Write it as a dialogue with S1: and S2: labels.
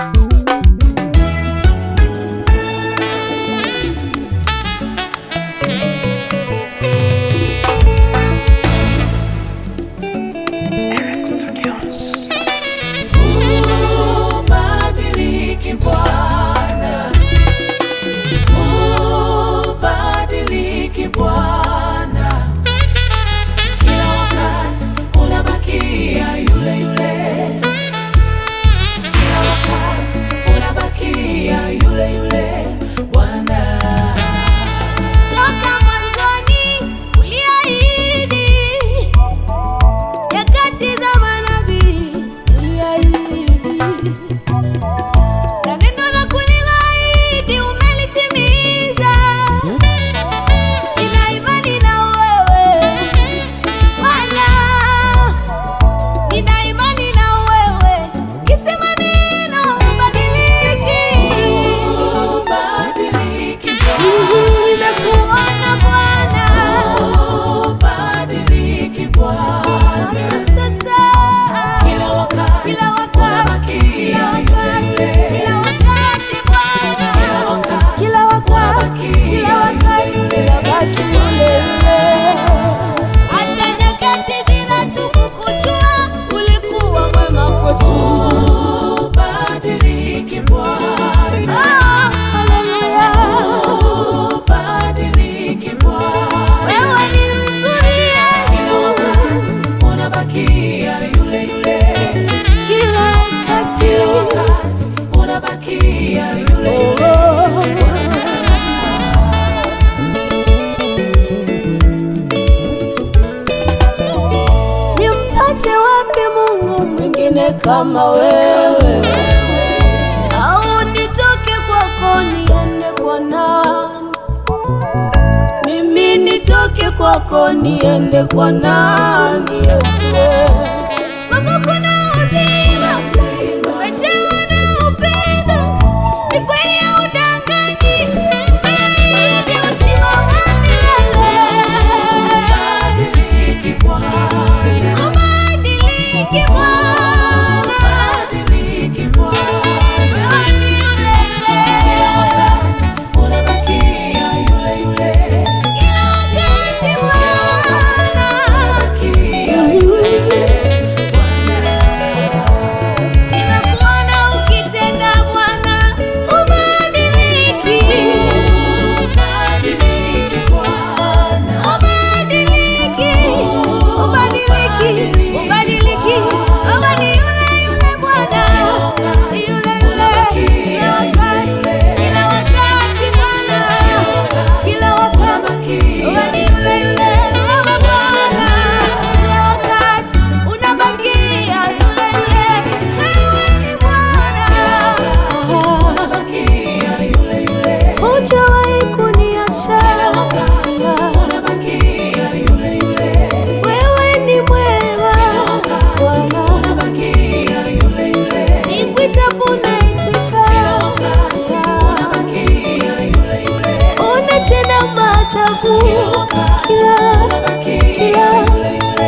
S1: Bye.
S2: mwingine kama wewe, au nitoke kwako niende kwa nani? Mimi nitoke kwako niende kwa nani? Yesu chaguo
S3: kila
S2: kila